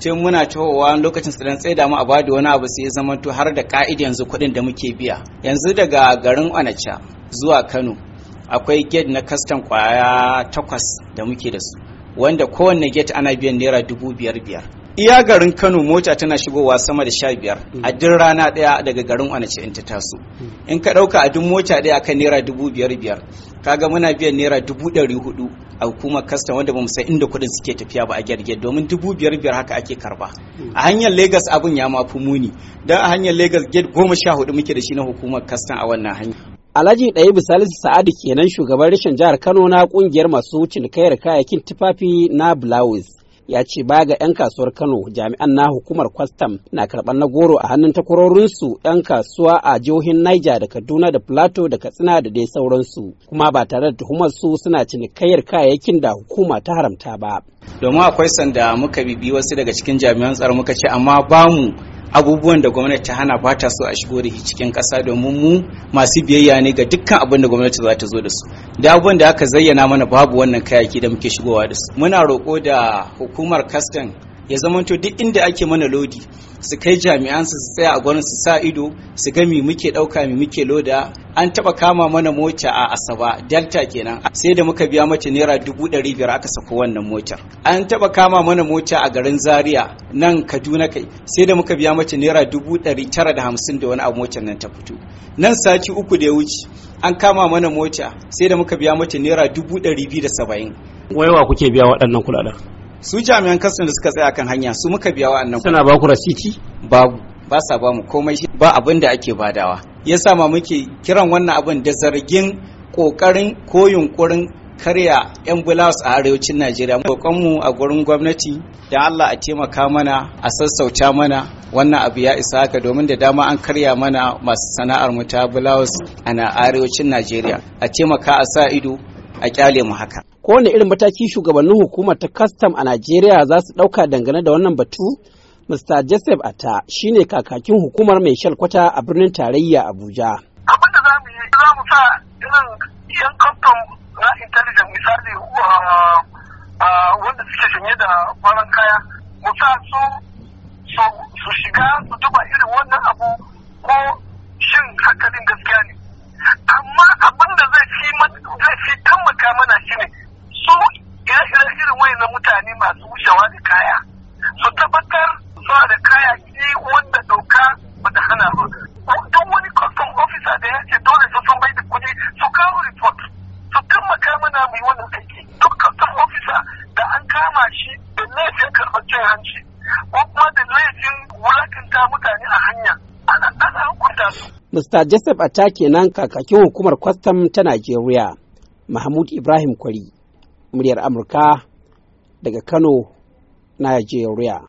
tun muna tahowa lokacin su tsaye da mu a bada wani abu sai ya zama to har da ka'ida yanzu kuɗin da muke biya yanzu daga garin Onacha zuwa Kano akwai gate na kastan kwaya takwas da muke da su wanda kowanne gate ana biyan naira dubu biyar biyar iya garin Kano mota tana shigowa sama da sha biyar mm. a duk rana ɗaya daga garin Onacha in ta taso mm. in ka ɗauka a duk mota ɗaya akan naira dubu biyar biyar kaga muna biyan naira dubu ɗari hudu a hukumar kastam wanda ba mu san inda kuɗin suke tafiya ba a gerge domin dubu biyar biyar haka ake karba a hanyar Legas abun ya ma fi muni don a hanyar Legas gate goma sha hudu muke da shi na hukumar kasta a wannan hanya. Alhaji ɗaya misali Sa'adu kenan shugaban rashin jihar Kano na ƙungiyar masu cinikayar kayayyakin tufafi na Blouse. ya ce baya ga 'yan kasuwar Kano jami'an na hukumar kwastam na karɓar na goro a hannun takwarorinsu 'yan kasuwa a jihohin Niger da Kaduna da Plateau da Katsina da dai sauransu kuma ba tare da tuhumar su suna cinikayyar kayayyakin da hukuma ta haramta ba. Domin akwai sanda muka bibi wasu daga cikin jami'an tsaro muka ce amma bamu abubuwan da gwamnati ta hana ba ta so a shigo da cikin kasa domin mu masu biyayya ne ga dukkan abin da gwamnati za ta zo da su da abubuwan da aka zayyana mana babu wannan kayaki da muke shigowa da su muna roƙo da hukumar kastan ya zamanto duk inda ake mana lodi su kai jami'an su tsaya a gwamnati su sa ido su ga me muke ɗauka mi muke loda an taba kama mana mota a asaba delta kenan sai da muka biya mata naira dubu ɗari biyar aka sako wannan motar an taba kama mana mota a garin zaria nan kaduna kai sai da muka biya mata naira dubu ɗari tara da hamsin da wani abu motar nan ta fito nan sati uku da ya wuce an kama mana mota sai da muka biya mata naira dubu ɗari biyu da saba'in waiwa kuke biya waɗannan kuɗaɗen su jami'an kasan da suka tsaya akan hanya su muka biya waɗannan suna ba ku rasiti babu ba sa ba mu komai ba abin da ake badawa ya sama muke kiran wannan abin da zargin kokarin ko yunkurin karya 'yan bulas a arewacin najeriya roƙonmu a gurin gwamnati da allah a taimaka mana a sassauta mana wannan abu ya isa haka domin da dama an karya mana masu sana'ar mu ta bulas a na arewacin najeriya a taimaka a sa ido a kyale mu haka kowane irin mataki shugabannin hukumar ta kastam a najeriya za su ɗauka dangane da wannan batu Mr. Joseph Atta shine kakakin hukumar mai kwata a birnin tarayya Abuja. Abin da za mu yi za mu sa irin yan kamfan na intelligence misali uh, uh, wanda suke shanye da kwanan kaya mu sa su su shiga su duba irin wannan abu ko shin hankalin cin hanci ko kuma da laifin wulakanta mutane a hanya ana hukunta su. Mr. Joseph Atta kenan kakakin hukumar kwastam ta Najeriya, Mahmud Ibrahim Kwari, muryar Amurka daga Kano, Najeriya.